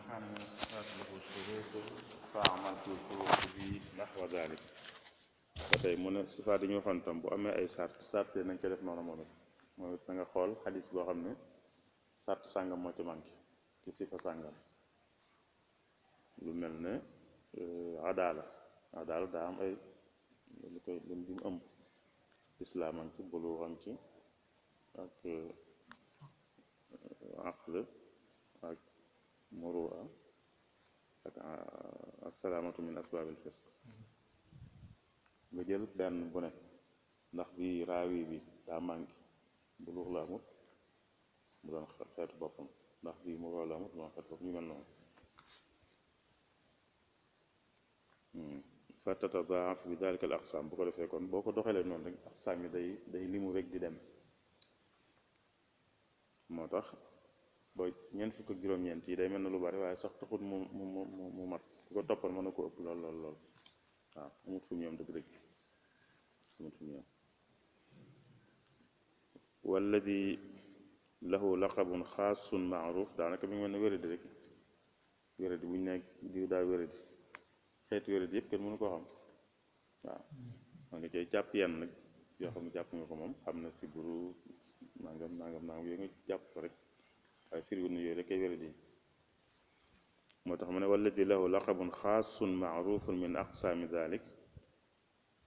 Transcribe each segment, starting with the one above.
كان من الصفات له شروط فعملت الخروج به نحو ذلك فتاي من الصفات ديو خون تام بو امي اي سارت سارت نانك ديف نونو مونو مو تاغا خول حديث بو خامني سارت سانغام موتي مانكي كي صفه سانغام لو ملني عداله عداله دا ام اي لوكاي لوم ديم ام اسلامان تي بلوغان تي اك عقل مروءة ak asalaamatu min asbaabil fisq nga jël benn bu ne ndax bii raawi bi daa manqué bu luux la amut mu doon xeetu boppam ndax bii mu rool la amut mu doon xeetu boppam ñu mel noonu fa tatadaaf bi dalika al aqsaam bu ko defee kon boo ko doxalee noonu rek aqsaam yi day day limu rek di dem moo tax ba ñeent fukk ak juróom-ñeent yi day mel na lu bari waaye sax taxut mu mu mu mat ku ko toppal mën na ko ëpp lool lool lool waaw amut fu mu yem dëgg dëgg amut fu mu yem walladi lahu laqabun xaasun maaruf daanaka mi ngi mel ne wéradi rek wéradi bu nekk diw daa wéradi xeetu wéradi yëpp kenn mënu koo xam waaw man nga jàpp yenn nag yoo xam ne jàpp nga ko moom xam na si buru nangam nangam nangam yooyu jàpp ko rek ay firiwul ne yooyu rek ay wéradi moo tax mu ne walladi lahu laqabun xaasun maarufun min aqsaami dalik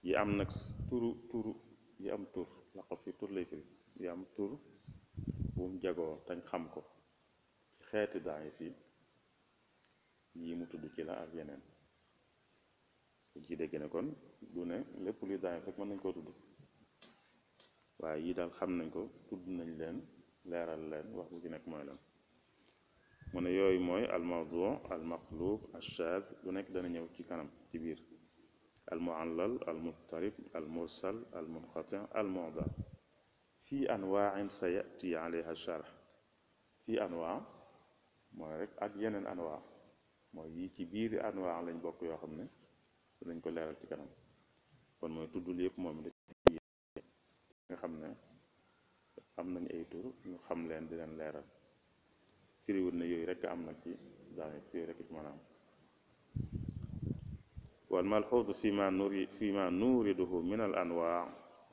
yi am nag turu turu yi am tur laqab fi tur lay firi yi am tur bu mu jagoo tañ xam ko ci xeeti daay fii yi mu tudd ci la ak yeneen ci dégg ne kon du ne lépp luy daay rek mën nañ koo tudd waaye yi daal xam nañ ko tudd nañ leen leral leen wax bu ci nek moy lan mu ne yooyu mooy al mawdu al maqlub al shaaz bu nek dana ñëw ci kanam ci bir al muallal al muttarib al mursal al munqati al muda fi anwa'in sayati alayha sharh fi anwa moy rek ak yenen anwa moy yi ci biir anwa lañ bokk yo xamne ne ko leral ci kanam kon moy tuddul yëpp moom da nga xam ne amnañ ay tur ñu xam leen di leen leeral wul ne yooyu rek am nag ci daanit yooyu rek ci manam wal malhuz fi ma maanaam والملحوظ فيما نوري فيما نورده من الأنواع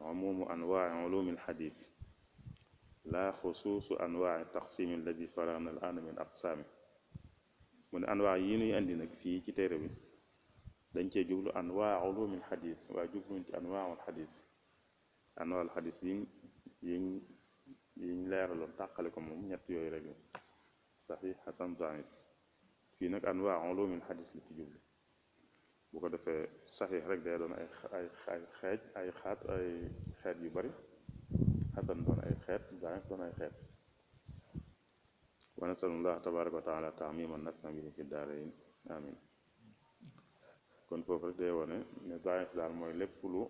عموم أنواع علوم الحديث لا خصوص أنواع التقسيم الذي فرغنا الآن من أقسامه من أنواع يني عندنا في كتاب dañ cee jublu anwaa ulumil xadis waaye jubluñ ci anwaaul xadis anwaaul xadis yi yiñ yiñ leeraloon tàqale ko moom ñett yooyu rek la saxiix xasan daif fii nag anwaa ulumil xadis la ci jublu bu ko defee saxiix rek day doon ay ay ay xeej ay xaat ay xeet yu bari xasan doon ay xeet daif doon ay xeet wa nasalullah tabaraka wa taala taamiman nafna bihi fi daarayn amin kon foofu rek day wone ne daif daal mooy lépp lu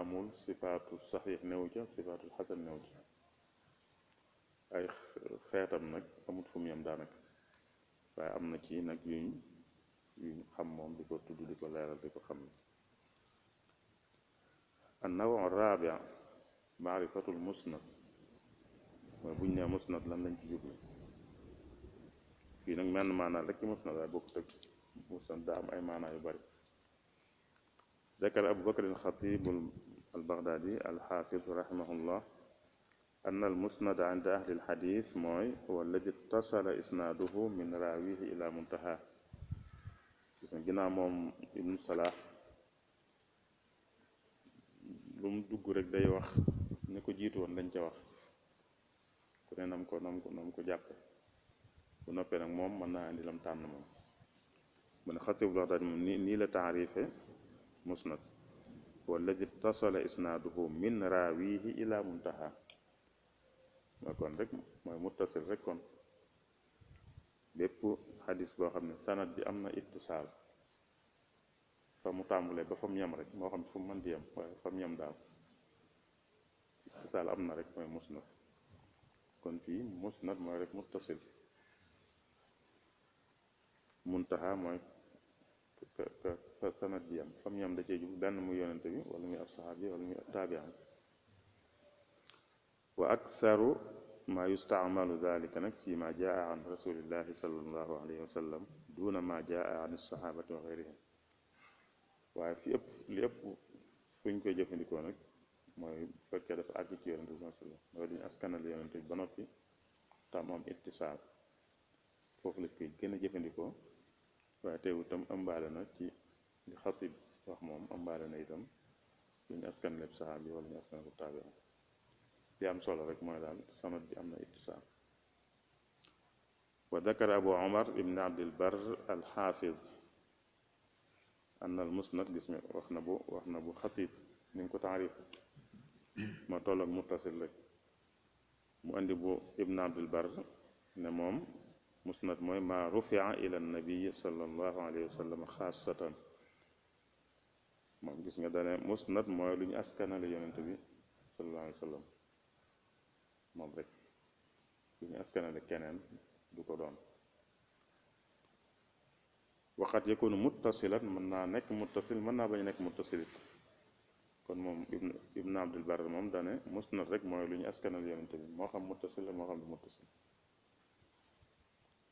amul sifaatu saxiix newu ca sifaatu xasan newu ca ay xeetam nag amut fu mu yem daanaka waaye am na ci nag yuñ yuñ xam moom di ko tudd di ko leeral di ko xam ne annawu rabia maarifatul musnad mooy buñ nee musnad lan lañ ci jublu fii nag menn maanaa rek ci musnad waaye bokk tëg musnad daa am ay maanaa yu bari ذكر أبو بكر الخطيب البغدادي الحافظ رحمه الله أن المسند عند أهل الحديث موي هو الذي اتصل إسناده من راويه إلى منتهى إذن جنا موم ابن صلاح لم دوغ رك داي واخ نيكو جيت وون لنجا واخ كوني نام كو نام كو نام كو جاب بو نوبي نك موم مانا اندي لام تان موم من خطيب الله تعالى ني لا تعريفه مسند هو الذي اتصل اسناده من راويه الى منتهى mooy kon rek mooy muttasil rek kon bépp xadis boo xam ne sanad bi am na ittisaal fa mu tàmbulee ba fa mu yem rek moo xam fu mu mën di yem waaye fa mu yem daal am na rek mooy musnad kon fii musnad mooy rek muttasil muntaha mooy ka ka sanad bi yem fa da cee jub benn mu yonente bi wala muy ab saxaabi wala muy ab taabiam wa aktharu ma yustaamalu dalika nag ci ma jaa an rasulillahi sallallahu wa sallam duna ma jaa an sahabati wa waaye fi ëpp li ëpp fuñ koy jëfandikoo nag mooy fekkee dafa àgg ci yonente bi sallam mooy dañu askanal yonente bi ba noppi tam am ittisaal foofu lañ koy gën jëfandikoo waaye teewu tam ëmbaale na ci li xatib wax moom ëmbaale na itam lu ñu askan lépp saxaab yi wala ñu askan ko دي أم صلى رك سند دي أمنا اتصال وذكر أبو عمر ابن عبد البر الحافظ أن المسند جسم وحنا بو وحنا بو خطيب نكو تعريف ما طلق متصل لك مو عندي بو ابن عبد البر نموم مسند موي ما رفع إلى النبي صلى الله عليه وسلم خاصة مام جسم دانا مسند موي لين أسكن على يونتبي صلى الله عليه وسلم Madrid. يعني أسكن للكنان بكودون وقد يكون متصلا من نا نك متصل من نا بني نك متصل kon moom ibn ibn abdul bar moom dane musnad rek mooy lu ñu askanal yonente bi moo xam muttasil la moo xam du muttasil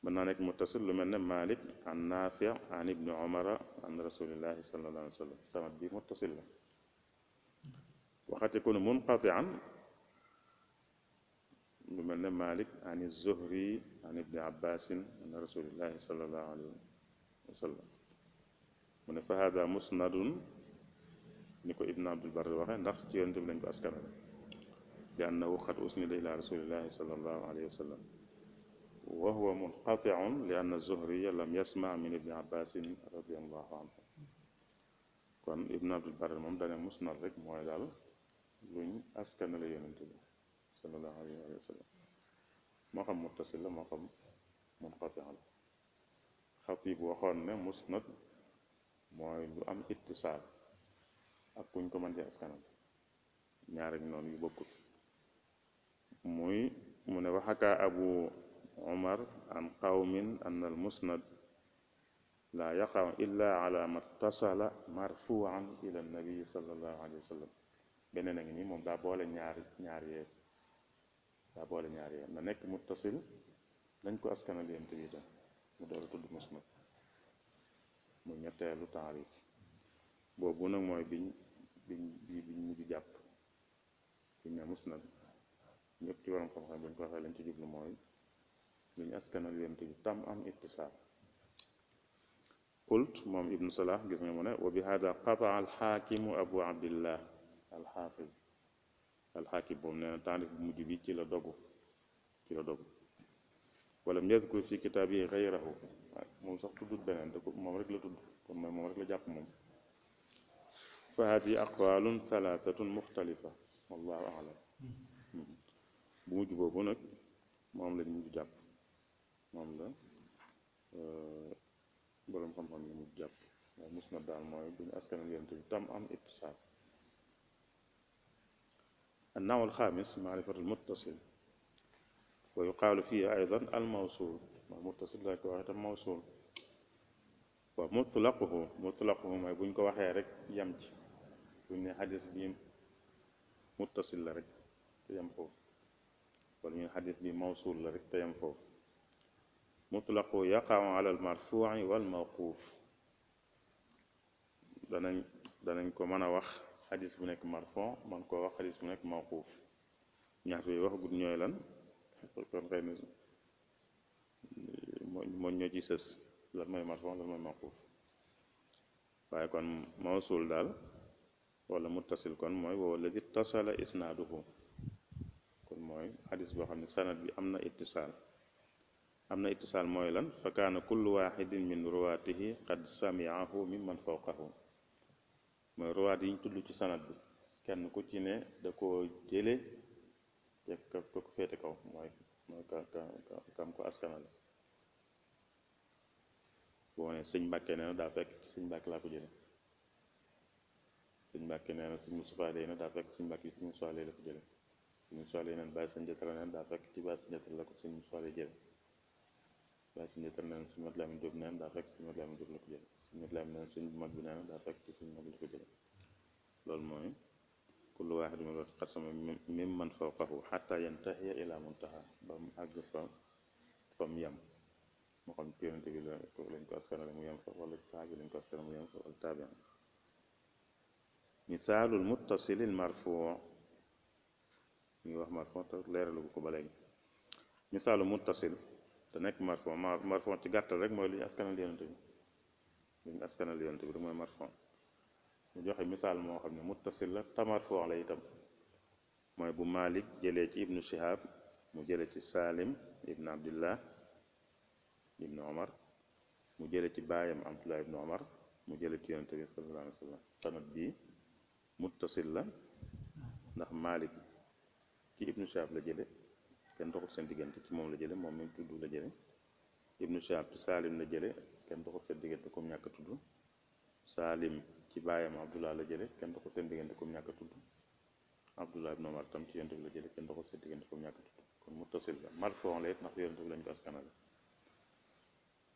mën naa nekk muttasil lu mel ne malik an nafi an ibni omara an rasulillahi sallallahu alayhi wa sallam sanad bi muttasil la waxat yakunu munqatian بمعنى مالك عن الزهري عن ابن عباس عن رسول الله صلى الله عليه وسلم من فهذا مسند نكو ابن عبد البر وخا نفس تي يونت بن اسكار لانه قد اسند الى رسول الله صلى الله عليه وسلم وهو منقطع لان الزهري لم يسمع من ابن عباس رضي الله عنه كون ابن عبد البر مم مسند رك موي دال لوني اسكار لا يونت صلى الله عليه وسلم مقام متصل مقام منقطع خطيب وخان مسند موي لو ام اتصال اك بون كو مانتي اسكان نيار نون يو بوكوت موي من وحكى ابو عمر عن قوم ان المسند لا يقع الا على ما اتصل مرفوعا الى النبي صلى الله عليه وسلم بنين ني موم دا بولا نيار نيار ييف daa boole ñaari yoon na nekk muttasil dañ ko askanal yonent bi mu door a tudd musnad mu ñetteelu taarif boobu nag mooy biñ biñ biñ mujj jàpp biñ ne musnad ñëpp ci waroon xam-xam buñ ko lañ ci jublu mooy luñ askanal yonent bi tam am ittisaal qult moom ibnu salah gis nga mu ne wa bi hada qataa alxaakimu abu abdillah alxaafid الحاكم بوم نانا تانيف موجي في لا دوغو كي لا دوغو ولم يذكر في كتابه غيره مو صاح تود بنان داكو موم رك لا تود كون موم رك لا جاب موم فهذه اقوال ثلاثه مختلفه والله اعلم موجي بوبو نك موم لا نيو جاب موم لا ا آه، بروم خام خام نيو جاب مسند دال موي بن اسكان يونتو تام ام اتصال النوع الخامس معرفة المتصل ويقال فيه أيضا الموصول المتصل لك واحد موصول ومطلقه مطلقه ما يبون كو واخيا رك يمتي بن حديث بيم متصل لا رك يم حدث بيم موصول لا رك مطلق يقع على المرفوع والموقوف دانا دانا كو مانا حديث بنك مرفوع من كوا حديث بنك موقوف نعبي وح قد نيا لان كان غير من نيا جيسس لما يمرفوع لما موقوف فايكون موصول دال ولا متصل كون موي والذي اتصل اسناده كون موي حديث بو خامي سند اتصال امنا اتصال موي فكان كل واحد من رواته قد سمعه ممن فوقه mooy ruwaat yi tudd ci sanad bi kenn ku ci ne da ko jële te ko ko féete kaw moy moy ka ka kam ko askanal boo ne sëñ mbàkke nee na daa fekk ci sëñ mbàkke laa ko jële sëñ mbàkke nee na sëñ musufa lay da daa fekk sëñ mbàkke yi sëñ musufa la ko jële sëñ musufa lay neen ba sëñ jëtara neen da fekk ci ba sëñ jëtara la ko sëñ musufa lay jële ba sëñ jëtara neen sëñ mat laamin jóob da daa fekk sëñ mat laamin la ko jële سن بلعب نان سن بمك بنانا دا فاك سن بمك الفجر لول موي كل واحد من القسم ممن فوقه حتى ينتهي إلى منتهى بم أجف فم يم مقام بيرن تبيل كولين كاسكنا لم يم فوالد ساجي لم كاسكنا لم يم فوالتابع مثال المتصل المرفوع يوح مرفوع تغير طيب لير لغو كبالي مثال المتصل تنك مرفوع مرفوع تغير لغو كبالي مثال المتصل تنك مرفوع مرفوع تغير لغو كبالي من أسكن اليون تبرم المرفون نجح مثال موحب متصل تمرفو على يتم ما يبو مالك جليتي ابن شهاب مجليتي سالم ابن عبد الله ابن عمر مجليتي بايم عبد الله ابن عمر مجليتي يون تبرم صلى الله عليه وسلم سند بي متصل نخ مالك كي ابن شهاب لجلي كان دخل سنتي جنتي كي موم لجلي موم ميم تدو لجلي ابن شهاب سالم لجلي كنت خو سين ديغنت كوم نياك تودو سالم تي بايام عبد الله لا جيلي كنت خو سين ديغنت كوم نياك تودو عبد الله بن عمر تام تي يونت لا جيلي كنت خو سين ديغنت كوم نياك تودو كون متصل مرفوع ليت ناخ يونت لا نكو اسكانال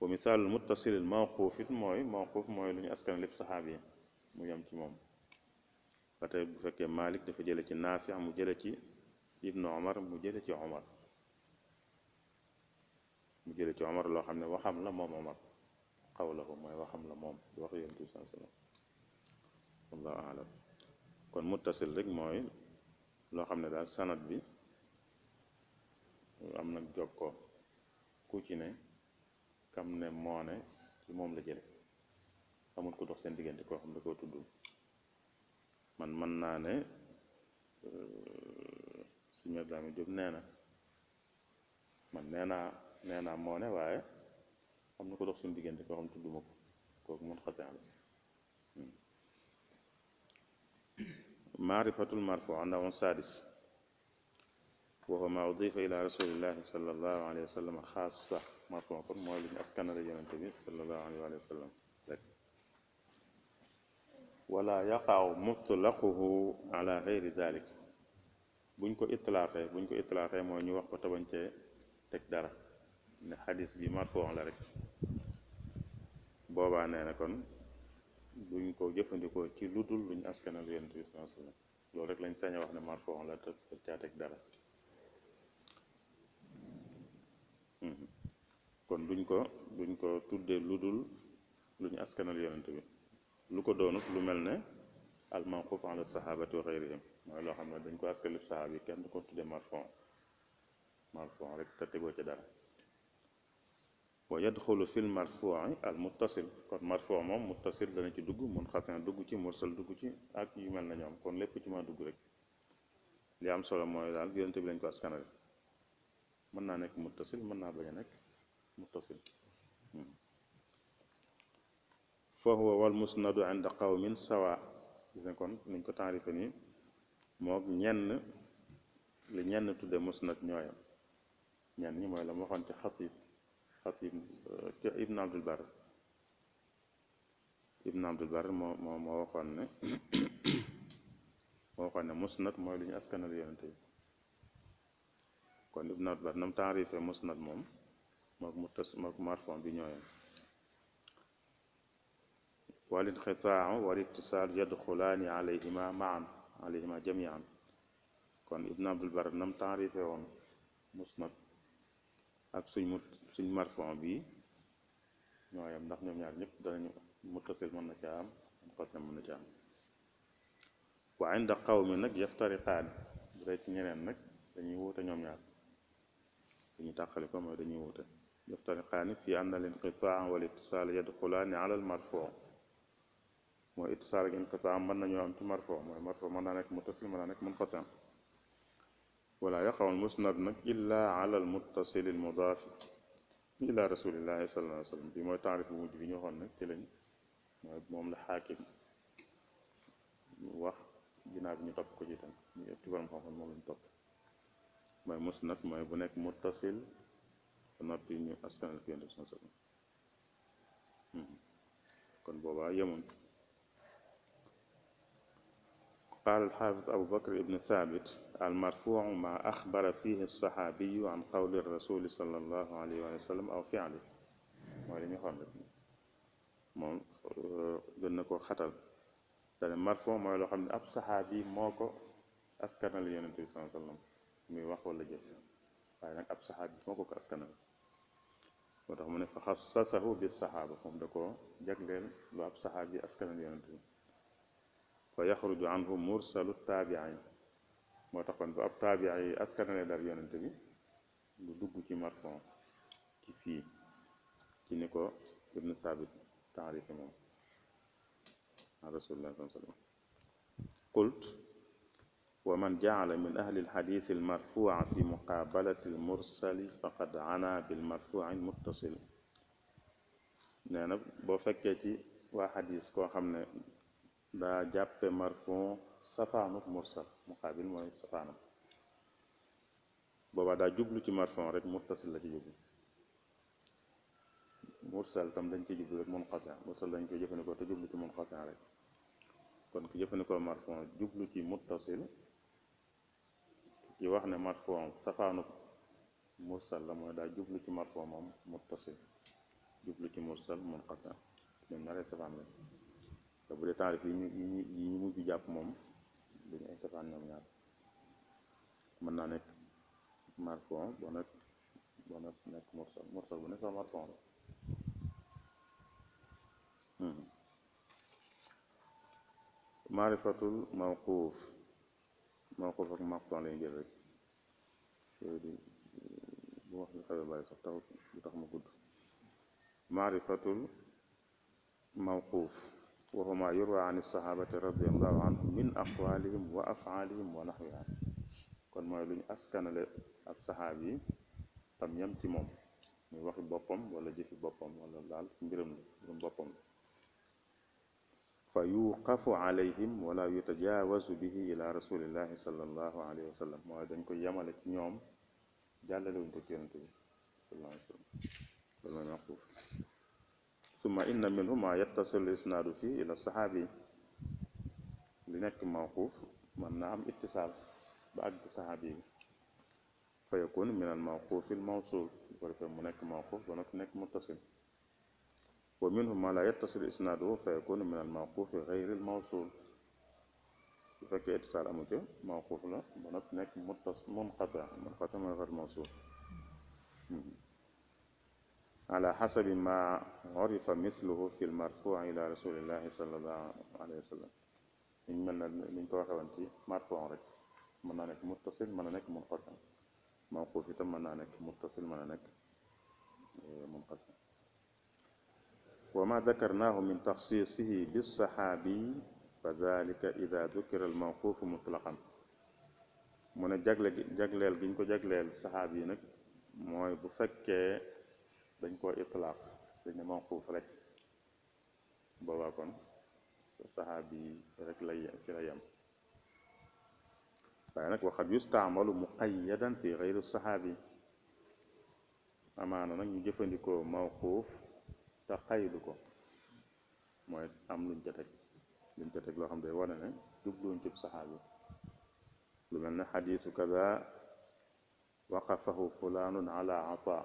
ومثال المتصل الموقوف موي موقوف موي لوني اسكان لي صحابي مو يام تي موم فتاي مالك دا فا نافع مو جيلي ابن عمر مو جيلي تي عمر مجرد عمر لو خمنا وخم لا مو عمر xawlahu mooy waxam la moom du wax yonent bi sallallahu alayhi wasallam wallahu aalam kon muttasil rek mooy loo xam ne daal sanad bi am na jog ko ku ci ne kam ne moo ne ci moom la jële amul ko dox seen diggante koo xam ne koo tudd man mën naa ne sëñ Ibrahima Diop nee na man nee naa nee naa moo ne waaye xamna ko dox sun diggante ko xam tuddu mako ko kooku mun xataan la معرفة المرفوع عنده سادس وهو ما أضيف إلى رسول الله صلى الله عليه وسلم خاصة مرفوع مؤلف أسكن رجال صلى الله عليه وسلم ولا يقع مطلقه على غير ذلك بنكو إطلاقه بنكو إطلاقه مو ني واخ تك دارا ne xadis bi marfoo la rek boobaa nee na kon duñ ko jëfandikoo ci lu dul luñ askanal yonent bi loolu rek lañ sañ wax ne marfoo la te caateeg dara mhm. duñ ko duñ ko tuddee lu dul luñ askanal yonent bi lu ko doonut lu mel ne al mawquf ala sahabati wa ghayrihim mooy loo xam ne dañ ko askalib sahaaba yi kenn du ko tuddee marfoo marfoo rek te tegoo ci dara ويدخل في المرفوع المتصل كون مرفوع موم متصل دا نتي دغ منقطع دغ تي مرسل دغ تي اك يي مل نيوم كون ليب تي ما دغ رك لي ام سولو موي دال يونت بي لنجو اسكانال من نانيك متصل من نا باغي نيك متصل فهو والمسند عند قوم سواء زين كون نينكو تعريف ني موك نين لي نين تودي مسند نيويا نين ني موي لام واخون تي خطيب خطيب آه، ابن عبد البر ابن عبد البر ما ما واخون ما واخون مسند موي لي اسكنال يونتي كون ابن عبد البر نم تعريف مسند موم ماك متس ماك مارفون بي نيوي والانقطاع والاتصال يدخلان عليهما معا عليهما جميعا كون ابن عبد البر نم تعريفه مسند ak suñu mut suñ marfon bi ñoo yam ndax ñom ñaar ñep dañu muttasil mën na ci am xotna mën na ci am wa inda qawmi nak yaftariqan bu dee ci ñeneen nak dañuy wuute ñom ñaar dañuy tàqali ko mooy dañuy wuute yaftariqan fi anna al inqitaa al-ittisal yadkhulani ala al marfu mooy ittisal ak inqitaa mën nañoo am ci marfu' mooy marfu' mën na nek mutasil mën na nek mun xotam ولا يقع المسند إلا على المتصل المضاف إلى رسول الله صلى الله عليه وسلم بما تعرف وجبين يخون نك تلين مهم الحاكم وح جناب نطب كجيتا يبتغل مخافن مهم نطب ما مسند ما يبنك متصل نبتين أسكن الفين رسول الله صلى الله عليه وسلم كن بابا يمون قال الحافظ أبو بكر ابن ثابت المرفوع ما أخبر فيه الصحابي عن قول الرسول صلى الله عليه وسلم أو فعله وعلم يخبر من دونك خطر لأن المرفوع ما يلوح من أب صحابي موكو أسكن لي صلى الله عليه وسلم مي وخو لجف فإن أب صحابي موكو أسكن لي فخصصه بالصحابة هم دكو جاك لأب صحابي أسكن لي صلى فيخرج عنه مرسل التابعين ما تقن باب تابعي اسكن لي دار يونت بي دو دغ سي مارفون كي في كي نيكو ابن ثابت تعريف مو رسول الله صلى الله عليه وسلم قلت ومن جعل من أهل الحديث المرفوع في مقابلة المرسل فقد عنا بالمرفوع المتصل نعم بوفكتي واحد يسكو خمنا دا جاب مرفون صفا نوت مرسل مقابل موي صفا نوت بابا دا جوبلو تي مرفون رك متصل لا تي جوبلو مرسل تام دنج تي جوبلو منقطع مرسل دنج تي جيفنيكو تي جوبلو تي منقطع رك كون كي جيفنيكو مرفون جوبلو تي متصل كي واخنا مرفون صفا نوت مرسل لا موي دا جوبلو تي مرفون مام متصل جوبلو تي مرسل منقطع لم نرى صفا نوت te bu dee taarif yi ñu yi ñu mujj jàpp moom dañu ay safaan ñoom ñaar mën naa nekk marfon boo nag boo nag nekk morsal morsal bu ne sax marfon la hmm. maarifatul mawquuf mawquuf ma gudd وهما يروى عن الصحابة رضي الله عنهم من أقوالهم وأفعالهم ونحوها كون موي لوني اسكان لا اك صحابي تام يمتي موم مي واخي بوبام ولا جيفي بوبام ولا لال ميرم بوم بوبام فيوقف عليهم ولا يتجاوز به الى رسول الله صلى الله عليه وسلم موي دنجكو يمال تي نيوم جالالو نكو تيرنتو صلى الله عليه وسلم ولا ثم إن منهما يتصل الإسناد فيه إلى الصحابي لنك موقوف من نعم اتصال بعد الصحابي فيكون من الموقوف الموصول ورفي منك موقوف ونك متصل ومنهم ما لا يتصل إسناده فيكون من الموقوف غير الموصول فك اتصال أمته موقوف له ونك متصل منقطع منقطع من غير موصول على حسب ما عرف مثله في المرفوع إلى رسول الله صلى الله عليه وسلم ñu من توقع liñ مرفوع waxe من أنك متصل من أنك منقطع موقوف muttasil mën na nekk munqasim mawquuf وما ذكرناه من تخصيصه بالصحابي فذلك إذا ذكر الموقوف مطلقا من جاغلال جاغلال جين كو الصحابي نك موي بو dañ ko itlaq dañ ne mawquf rek boobaa kon sahabi rek la ci la yem waaye nag waxat yustaamalu muqayadan fi gayri sahabi amaana nag ñu jëfandikoo mawquf te xaydu ko mooy am luñ ca teg luñ ca loo xam day wane ne jubluñ cib sahabi lu mel ne xadiisu kada waqafahu fulanun ala ataa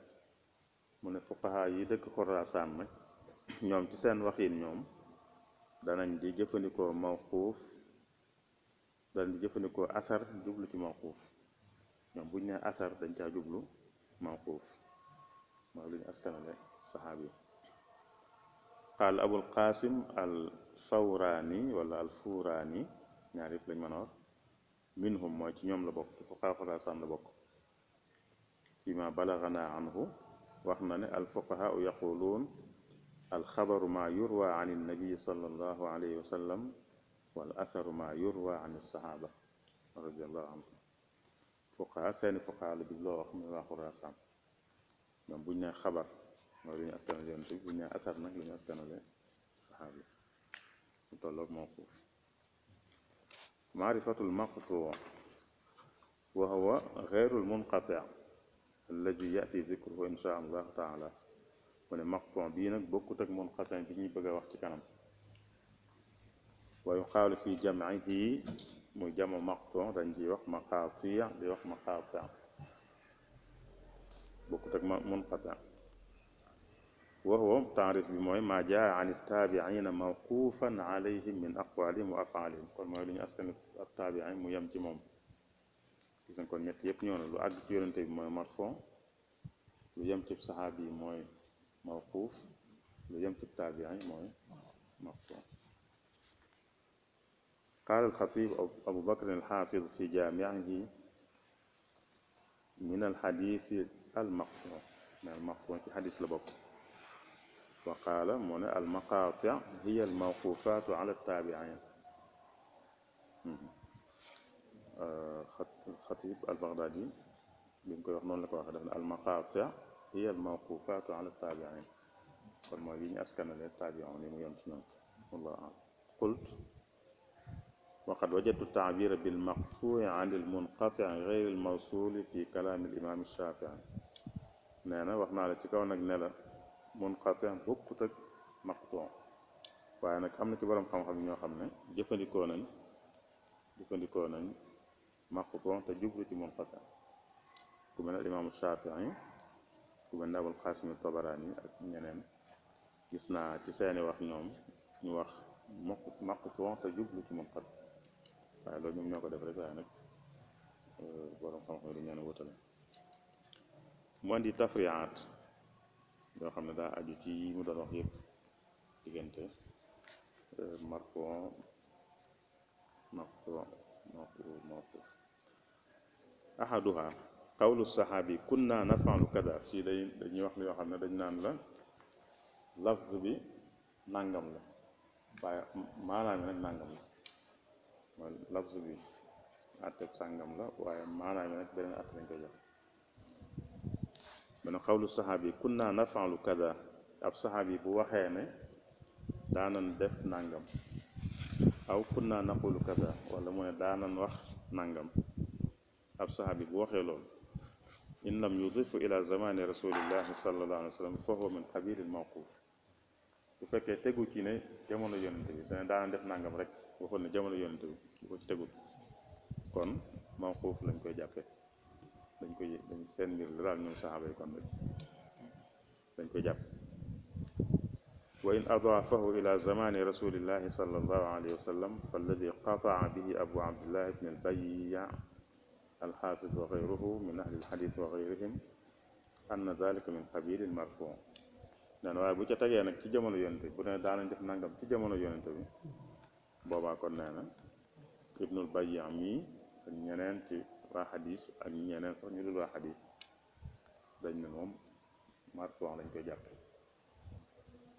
mu ne fuqaha yi dëkk Xorasaan nag ñoom ci seen waxin ñoom danañ di jëfandikoo mawquuf danañ di jëfandikoo asar jublu ci mawquuf ñoom buñ ne asar dañ caa jublu mawquuf mooy lu ñu askanale saxaab yi qaal abul qasim al fawraani wala al fuuraani ñaar yëpp lañ mën a wax minhum mooy ci ñoom la bokk ci fuqaha Xorasaan la bokk ci ma balaxana anhu وحنا الفقهاء يقولون الخبر ما يروى عن النبي صلى الله عليه وسلم والأثر ما يروى عن الصحابة رضي الله عنهم فقهاء سين فقهاء لبي الله وحنا الأخرى سام من بنا خبر ما بنا أسكن الجنة بنا أثر ما بنا أسكن الصحابة وطلب موقوف معرفة المقطوع وهو غير المنقطع الذي ياتي ذكره ان شاء الله تعالى من مقطع دينك بوكوتك منقطع بيني بغا وقت كانم ويقال في جمعه مجمع جمع مقطع دنجي وقت مقاطع دي وقت مقاطع بوكوتك منقطع وهو تعرف بما ما جاء عن التابعين موقوفا عليهم من اقوالهم وافعالهم كل ما يلين اسكن التابعين مو gis nga kon ñett yëpp ñëw na lu àgg ci yonente bi mooy marfon lu yem ci saxaabi yi mooy mawquuf lu yem ci taabiin mooy marfon قال الخطيب أبو بكر الحافظ في جامعه من الحديث المقطوع من المقطوع في حديث لبق وقال من المقاطع هي الموقوفات على التابعين الخطيب البغدادي بينكو يخ نون لاكو واخا المقاطع هي الموقوفات على التابعين كون موي ني اسكان لي التابعين لي مو والله اعلم قلت وقد وجدت التعبير بالمقطوع عن المنقطع غير الموصول في كلام الامام الشافعي نانا واخنا على تي كاو منقطع بوكوتك مقطوع وانا كم تي بروم خام خام ньо خامني جيفانديكو نان جيفانديكو نان ما خطوان تجبري منقطع كما الإمام الشافعي كما أبو القاسم الطبراني ينام يصنع تسعين وقت نوم نوخ ما خطوان تجبري منقطع فعلو نوم نوكو دفرقا أنك آه، بورم خمخ مرنيان وطلع مواندي تفريعات دو خمنا دا أجوتي مدر وخيب تجنته مرقوان مقطوع مقطوع مقطوع ahaduha qawlu saxaabi kunna naa kada fii si dañuy wax la yoo xam ne dañ naan la lafz bi nàngam la waaye maanaam yi nag nàngam la mooy lafz bi àtteb sàngam la waaye maanaam yi nag beneen àtte lañ koy jox man xawlu saxaabi kunna nafaalu kada ab saxaabi bu waxee ne daanan def nàngam aw kunna naqulu kada wala mu ne daanan wax nàngam اب صحابي بوخي لول ان لم يضيف الى زمان رسول الله صلى الله عليه وسلم فهو من قبيل الموقوف بو فكي تيغو تي ني جامونو يونتي دا دا ديف نانغام رك وخول ني جامونو يونتي كو تي تيغو كون موقوف لا نكوي جابي دا نكوي دا سين مير دال نيو صحابي كون دا نكوي جابي وإن أضافه إلى زمان رسول الله صلى الله عليه وسلم فالذي قطع به أبو عبد الله بن البيع الحافظ وغيره من أهل الحديث وغيرهم أن ذلك من قبيل المرفوع لأن واي بو تاغي نك تي جامونو يونت بو نه دانا نجف نانغام تي جامونو يونت بي بابا كون نانا ابن البيع مي نينن تي وا حديث اك نينن سو نيدو وا حديث داج نون مرفوع لا نكاي جاب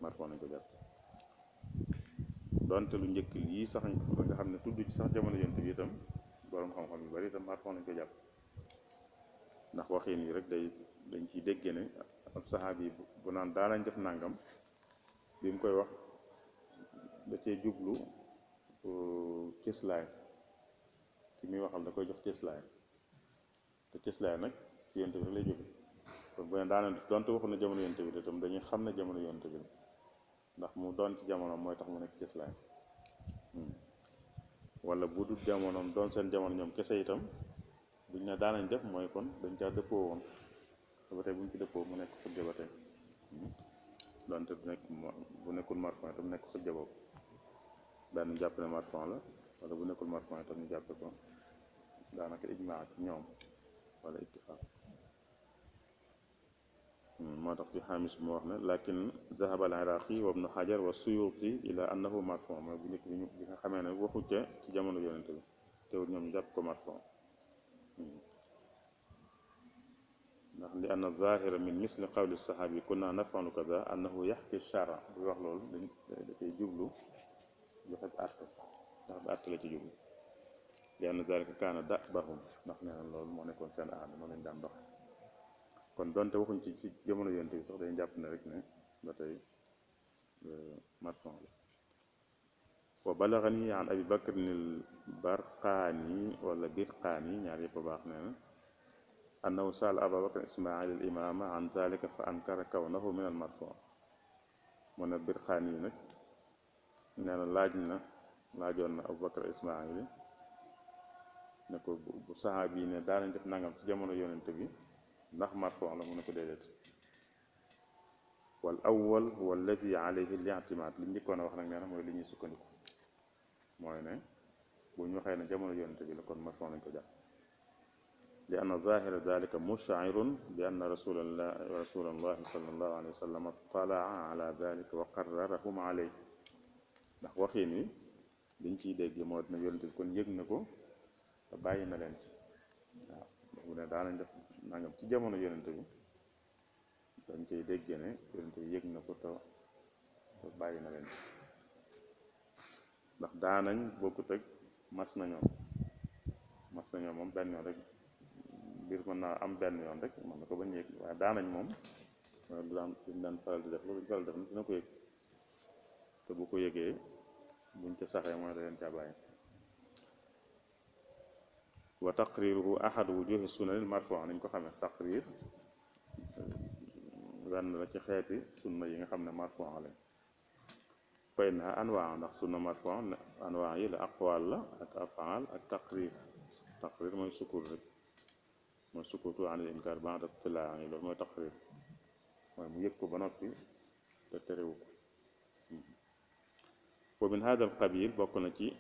مرفوع لا نكاي جاب دونت لو نيك لي صاح نكو خا خا نني تودو سي صاح جامونو يونت بي تام borom xam-xam yu bari itam arfan lañ koy jàpp ndax waxin yi rek day dañ ciy dégg ne ab saxaabi bu naan daanañ def nangam bi mu koy wax da cee jublu euh, cëslaay ki muy waxal da koy jox cëslaay te cëslaay nag ci yonte bi rek lay jóge kon bu ne na jamono yonte bi itam dañuy xam ne jamono yonte bi ndax mu doon ci jamono mooy tax mu nekk cëslaay hmm. wala bu dul jamonoom doon seen jamono ñoom kese itam buñ ne daanañ def mooy kon dañ caa dëppoo woon te ba tey buñ ci dëppoo mu nekk xujja ba tey donte bu bu nekkul marfan itam nekk xujja boobu daan ñu jàpp ne la wala bu nekkul marfan itam ko daanaka ijmaa ci ñoom wala ittifaaq ما تقتي حامس موهنا لكن ذهب العراقي وابن حجر والسيوطي إلى أنه مرفوع ما بنيك بنيك خمينة وخجة تجمعنا يونتو تقول نعم جابكو مرفوع لأن الظاهر من مثل قول الصحابي كنا نفعل كذا أنه يحكي الشارع بيوغلول لتجبلو يحب أرتف يحب أرتف لتجبلو لأن ذلك كان دأبهم نحن نقول ما نكون سنة أعلم ما نندم بخير kon donte waxuñ ci ci jëmono yonte bi sax day jàpp ne rek ne batay euh marfon la wa balaghani an abi bakr ibn al barqani wala birqaani ñaar yëpp baax nee na annahu sal abu bakr ismail al imam an zalika fa ankara kawnahu min al marfu mu ne birqaani nak nag nee na laaj na laajoon na abu bakr ismail ne ko bu sahabi ne daanañ def nangam ci jamono yonente bi ndax marfuu la mu ne ko déedéet wal awwal huwa alladi alayhi li'timaad li njëkkoon a wax nag nee na mooy li ñuy sukkandiku mooy ne bu ñu waxee ne jamono yonente bi la kon marfuu lañ ko jàpp li anna zahira dalika mushairun bi anna rasulallah rasulallahi sallallahu alayhi wa sallam talaa ala dalika wa qarrarahum alayhi ndax waxin wi liñ ciy dégg moo dina yonente bi kon yëg na ko te bàyyi na leen ci waaw bu ne daa nañ def nangam ci jamono yonente bi dañ cay déggee ne yonente bi yëg na ko te te bàyyi na leen ndax daanañ bokkut ak mas nañoo mas nañoo moom benn yoon rek mbir mën naa am benn yoon rek mën na ko bañ yëg waaye daanañ moom lu daan lu daan faral di def loolu faral di def dina ko yëg te bu ko yëgee buñ ca saxee mooy da leen caa bàyyi وتقريره أحد وجوه السنن المرفوعة نيم كو خامي تقرير بن لا سي سنة سنن ييغا خامي مرفوعة لا فإنها أنواع ناخ نعم، سنة مرفوعة أنواع هي الأقوال أك أفعال أك تقرير تقرير موي سكور رك موي سكوت عن الإنكار بعد الاطلاع يعني لول موي تقرير موي مو ييكو با نوبي تا تريوكو ومن هذا القبيل بوكو نتي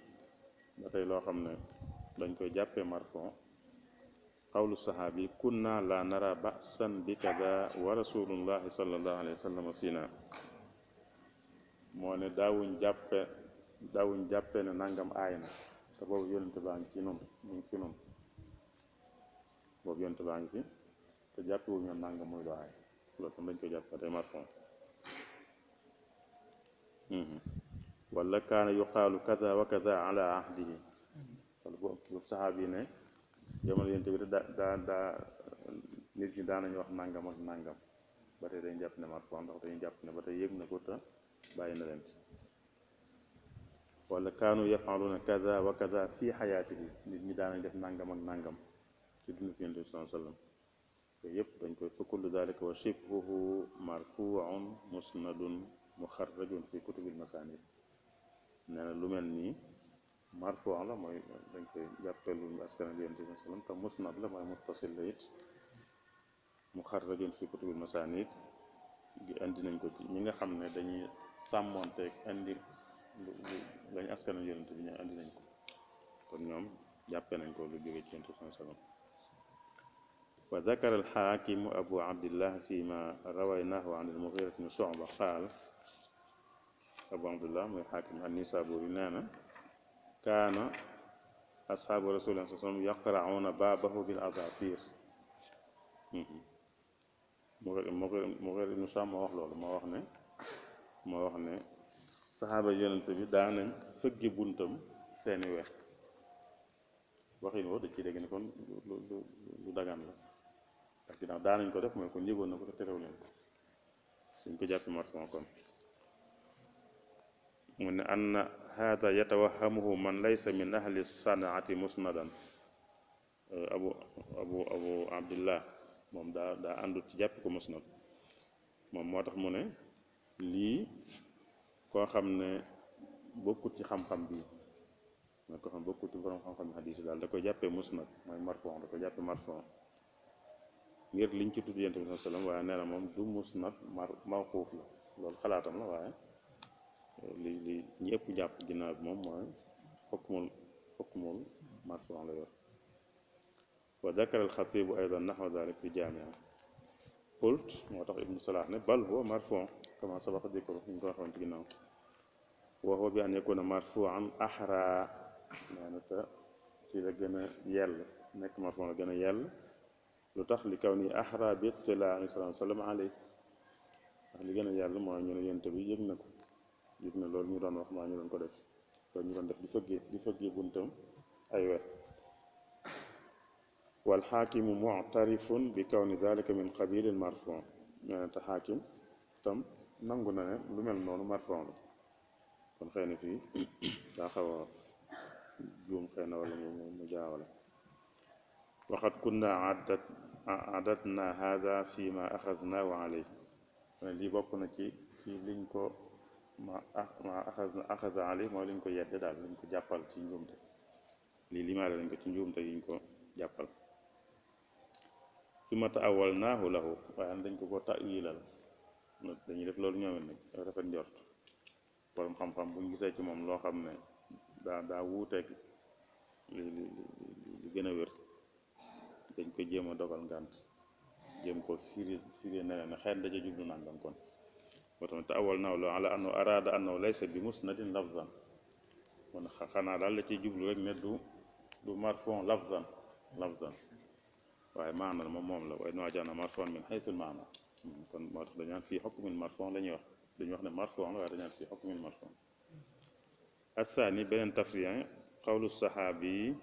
باتاي لو خامي dañ koy jàppee marfon qawlu sahaabi kunna la nara ba'san bi kada wa rasulullahi sallallahu alayhi wa sallam fiina moo ne daawuñ jàppe daawuñ jàppe ne nangam aay na te boobu yonente baa ngi ci noonu mu ngi ci noonu boobu yonente baa ngi fi te jàppe wuñ ñoom nangam muy lu aay loolu tam dañ koy jàppe tey marfon mhm. wala kaana yuqaalu kada wa kada ala ahdihi kon bu saxaab yi ne jamono yonent bi daa wax nangam ak nangam jàpp ne marfo jàpp ne ba tey yëg na ko te na leen kaanu yafaluna kaza wa kaza fii xayaatihi nit ñi daanañ def nangam ak nangam ci dund fi yonent bi sallallahu alayhi wasallam yëpp dañ koy fa kullu dalika wa shibhuhu marfuun musnadun muxarrajun fi kutubil masanid nee lu mel nii مرفوع على ماي دنك يابلو أسكان ديانتي مثلا تموس نبلا ماي متصل ليت مخرجين في كتب المسانيد عندنا نقول مين خم ندني سامون تك عندي لين يعني أسكان ديانتي بني عندنا نقول كنيوم يابلو نقول لبيك ديانتي مثلا وذكر الحاكم أبو عبد الله فيما رويناه عن المغيرة بن شعبة قال أبو عبد الله من الحاكم النساء أبو رنانة كان أصحاب رسول الله صلى الله عليه وسلم يقرعون بابه بالأظافير مغير ابن شام ما وخ لول ما وخ ني ما وخ ني صحابه يونت بي دان فجي بونتم سيني وخ وخينو دتي دغني كون لو دغان لا باسكو دا دان نكو ديف مي كون نيغون نكو تيرو لين سين كون من ان هذا yatawahhamuhu man laysa min ahli الصنعة musnadan eh, abu abu abu abdullah mom da da daa ci japp ko musnad mom motax tax mu ne lii koo xam ne ci xam-xam bi mooy ko xam bokku ci borom xam-xam hadith dal da ko jappé musnad moy marfu da ko jappé marfu ngir liñ ci tuddu yonent sallallahu alayhi wa sallam waaye nee du musnad mar mawquf la lol khalatam la waaye li li ñëpp jàpp ginnaaw bi moom mooy xukmul xukmul marfuan la yor wa dakara alxatibu aydan naxwa dalik fi jaamia qult moo tax ibnu salah ne bal huwa marfuan kama sabaqa dikru ñu ko waxoon ci ginnaaw wa huwa bi an yakuna marfuan axra nee na te ci la gën a yell nekk marfuan la gën a yell lu tax li kaw nii axra bi ittilaa sallam alayhi ndax li gën a yell mooy ñu ne yonte bi yëg na ko gis na loolu ñu doon wax maa ñu doon ko def loolu ñu doon def di fëggee di fëggee buntam ay weer wal xaakimu mutarifun bi kawni dalika min qabilil marfon nee na te xaakim tam nangu na ne lu mel noonu marfon la kon xëy na fii daa xaw a juum xëy na wala mu jaawale waxat kunna addat adatna hada fi ma axasna wa alayhi lii bokk na ci ci liñ ko ma ah, axasa ali luñ ko yedde daal luñ ko jàppal ci njuumte lii limaale lañ ko ci njuumte yuñ ko jàppal su ma taawal naahu lahu waaye dañ ko ko tawilal dañuy def loolu ñoomit nag rafet njort borom xam-xam buñ gisee ci moom loo xam ne daa daa wuuteeg li li li gën a wér dañ ko jéem a dogal ngànt jéem ko firi firi ne ne xeet daca jublu nangam kon وتمتأولنا على أنه أراد أنه ليس بمسند لفظا ونخخنا على التي جبل وين دو دو مرفون لفظا لفظا وهي معنى المموم لو أنه أجانا مرفون من حيث المعنى كان في حكم المرفون لن يوح لن يوحنا مرفون ويرجان في حكم المرفون الثاني بين تفريع قول الصحابي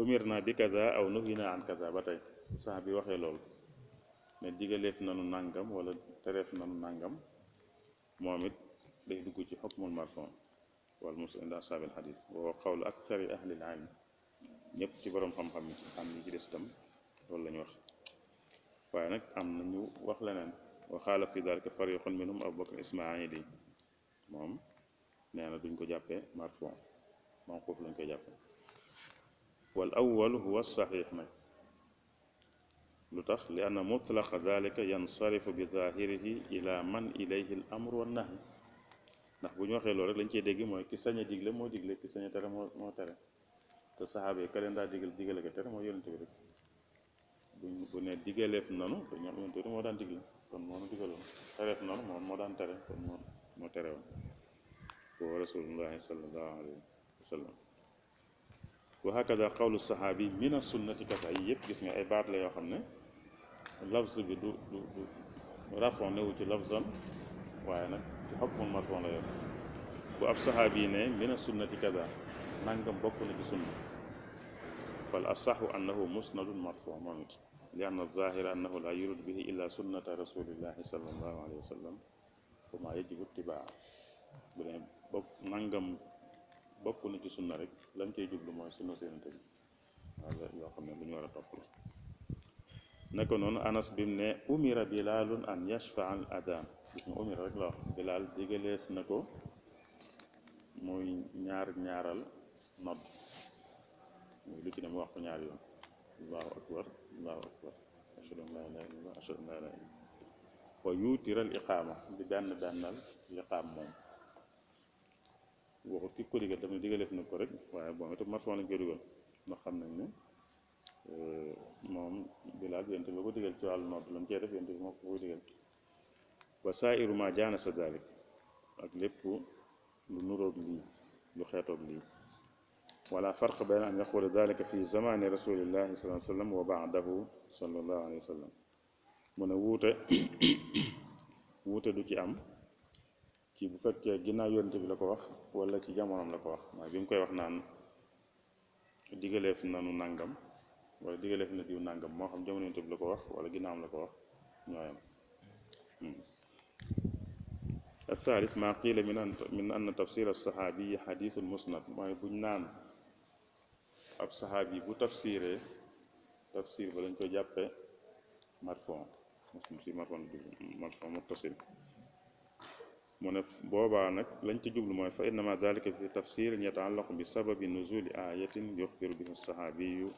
أمرنا بكذا أو نهينا عن كذا بطي الصحابي وحي لول ne digaleef nanu nangam wala teref nanu nangam momit day dugg ci hukmul marfu' wal mursal inda asaabil hadith wa qawl akthar ahli al ilm ñep ci borom xam-xam ci am yi ci des itam loolu la wax way nak am nañu wax lenen wa khala fi dalika fariqun minhum abubakar ismaili mom neena duñ ko jappé jàppee marfon manquuf lañ koy jappé wal awwal huwa saxiix nag لطخ لأن مطلق ذلك ينصرف بظاهره إلى من إليه الأمر والنهي ndax bu ñu waxee loolu rek lañ cey dégg mooy ki sañ a digle moo digle ki sañ a tere moo moo tere te saxaaba yi ka leen daa digal digale ko tere moo yonent bi rek buñ bu ne digaleef nanu te ñoom yonent bi moo daan digle kon moo nu digaloon tereef nanu moom moo daan tere kon moo moo tere woon هو رسول الله صلى الله عليه وسلم وهكذا قول الصحابي من السنة كفاية يب جسنا عبارة لا يخمنه اللفظ بدو لفظاً وانا بحكم نعم. المرفون لهم وأب صحابينا نعم. من السنة كذا نانغم بقون السنة فالأصح أنه مسند مرفوع ممت لأن الظاهر أنه لا يرد به إلا سنة رسول الله صلى الله عليه وسلم وما يجب اتباع نانغم بقون نعم. السنة لم تجب لما سنة سنة هذا يوقع من بنيوارة تقول نكون أنس بمنا أمير بلال أن يشفع الأدام بسم أمير رجل بلال ديجلس نكو موي نيار نيارال نود موي لكي نمو أخو نيار يوم الله أكبر الله أكبر أشهد أن لا إله إلا الله أشهد أن لا إله إلا الله ويوتر الإقامة بدان دان الإقامة موم وقت كل قدام ديجلس نكو رجل وعبوان ما فوانا كيرو ما خمنا منه moom bilaal yonte bi boo digal ci wàllu nodd cee def yonte bi moo ko koy digal wa saairu ma jaana sa dalik ak lépp lu nuróog lii lu xeetoog lii wala farq bayna an yaqula dalika fi zamani rasulillahi du ci am ci bu fekkee ginnaaw yonent bi la ko wax walla ci jamonoom la ko wax mooy bi mu koy wax naan digaleef nanu nangam wala digaleef na diw nangam moo xam jamono yonent bi la ko wax wala ginnaawam la ko wax ñooyam الثالث ما قيل من أن من أن تفسير الصحابي حديث مسند ما buñ naan ab saxaabi bu tafsiree tafsir ba lañ ko jàppee marfon muslim si marfon marfon muttasil mu ne boobaa nag lañ ci jublu mooy fa innama dalika fi tafsir yataallaqu bi sababi nuzuli ayatin yuxbiru bihi saxaabiyu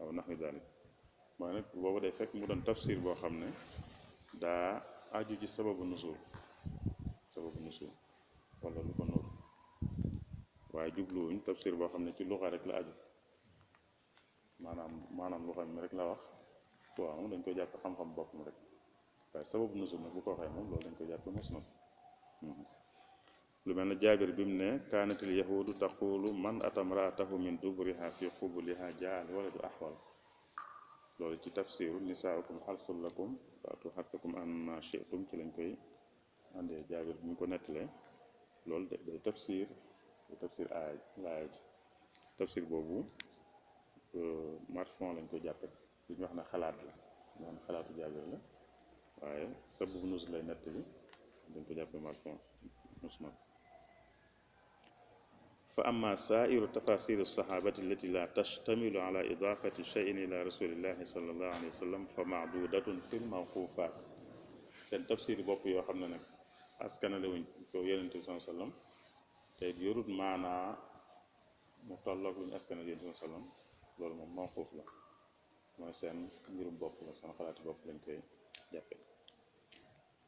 aw naxwi daalik waaye nag boobu day fekk mu doon tafsir boo xam ne daa aju ci sababu nusul sababu nusul wala lu ko nuur waaye jubluwuñ tafsir boo xam ne ci luxa rek la aju maanaam maanaam luxa mi rek la wax waaw moom dañ koy jàpp xam-xam boppum mi rek waaye sababu nusul nag bu ko waxee moom loolu dañ ko jàpp mos na hmm. lu mel ne jaabir bi mu ne kaanatil yahudu taqulu man atamraatahu min dubriha fi qubuliha jaal waladu ahwal loolu ci tafsiru nisaaukum xarsul lakum faatu xartakum an ma shi'tum ci lañ koy àndee jaabir bu ñu ko nettalee loolu day tafsir day tafsir aay laay tafsir boobu marfon lañ koy jàppe li ñu wax ne xalaat la ñu wax ne xalaatu jaabir la waaye sababu nus lay nett bi dañ ko jàppe marfon musnad fa amma saairu tafasiru sahabati allati la tashtamilu ala idafati cheyin ila rasulillahi salallahu alayhi wa fa maadudatun fi mawqufat seen tafsir bopp yoo xam ne nag askanale wuñ ko yonente bi saa sallam te yorut maanaa mu tolloog lu ñu askanale yonente bi saa sallam loolu moom mawquuf la mooy seen mbirum bopp la seen xalaati bopp lañ koy jàppe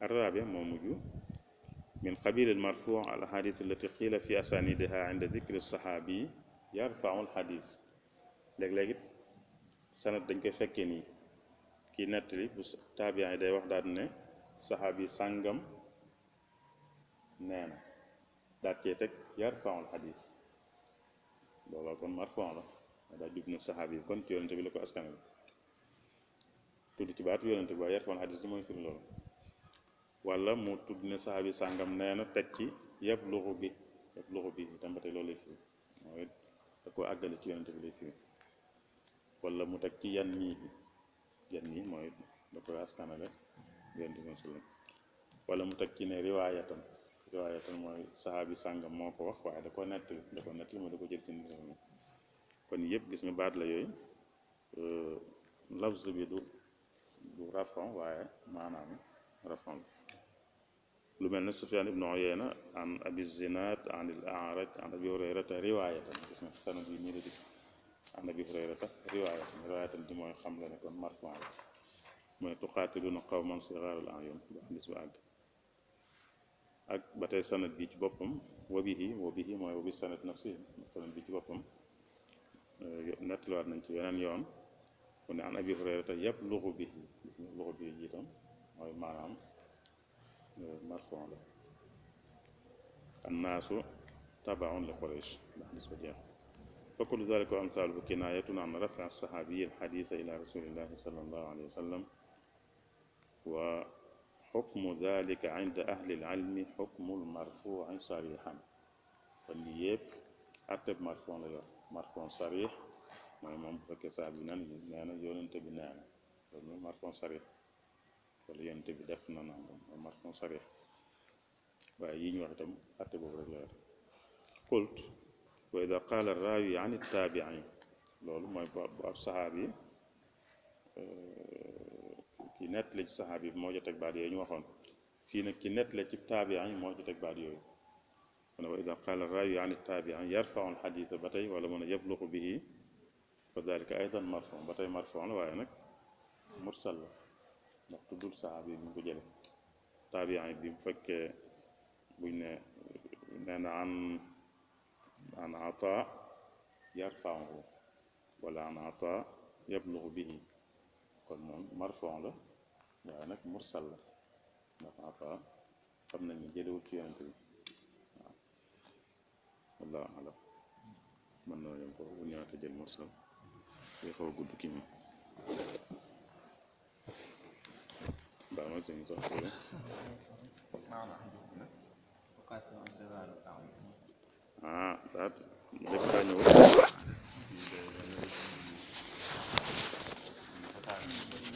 arabia moo mujj من قبيل المرفوع الحديث التي قيل في أسانيدها عند ذكر الصحابي يرفع الحديث لك لك سنة دنك فكني كي نتلي بس تابع دي وحدة صحابي سنغم نانا دات كيتك يرفع الحديث بابا كن مرفوع هذا جبن الصحابي كن تيولن تبي لكو أسكامي تبي تبعت تيولن تبي يرفع الحديث نمو يفهم لولو wala mu tudd ne saxaabi sàngam nee na teg ci yab luxu bi yab luxu bi itam ba tey loolu lay firi mooy da ko àggale ci yonente bi lay firi mu teg ci yan ñii bi yan ñii mooy da koy askanale yonente bi sallam wala mu teg ci ne riwaayatan riwaayatan mooy saxaabi sàngam moo ko wax waaye da ko nettali da ko nettali mooy da ko jël ci nit kon yëpp gis nga baat la yooyu euh, lafz bi du du waaye maanaam rafon لما نصف يعني ابن عيينة عن أبي الزناد عن الأعرج عن أبي هريرة رواية بسم السنة دي عن أبي هريرة رواية رواية الدموع الخمرة لكن مرفوعة ما تقاتلون قوما صغار الأعين بحديث بعد أك بتاي سنة دي تبقم وبه وبه ما وبه سنة نفسه سنة دي تبقم نتلو عن أنت وين يوم ونعن أبي هريرة يبلغ به بسم الله به جيتم أي معنى مرفوع له الناس تبع لقريش بالنسبة له فكل ذلك أمثال بكناية عن رفع الصحابي الحديث إلى رسول الله صلى الله عليه وسلم وحكم ذلك عند أهل العلم حكم المرفوع صريحا فليب أكتب مرفوع له مرفوع صريح ما يمكن فكسابنا لأن يونت بنان مرفوع صريح wala yonent bi def na nangam mat na sarix waaye yi ñu wax itam atte boobu rek la qult wa ida qaala raawi an ittaabiin loolu mooy bu ab saxaabi ki nett la ci saxaabi bi moo ci teg baat yooyu ñu waxoon fii nag ki nett la ci taabiin moo ci teg baat yooyu kon wa ida qaala raawi an ittaabiin yarfau alxadiisa ba tey wala mën a yabluqu bihi fa dalika aydan marfuu ba tey marfuu la waaye nag mursal la ndax tuddul saxaaba yi mu ko jële taabiin bi mu fekkee buñ ne nee na an an ata yarfaahu wala an ata yabluxu bihi kon moom marfon la waaye nag mursal la ndax ata xam nañ ne jëlewul ci yonent bi waaw wallahu alam mën na yem ko bu ñëwaate jël mursal day xaw gudd kii mi بعمل زي نظام كده اه بعد نضيف ثاني وقت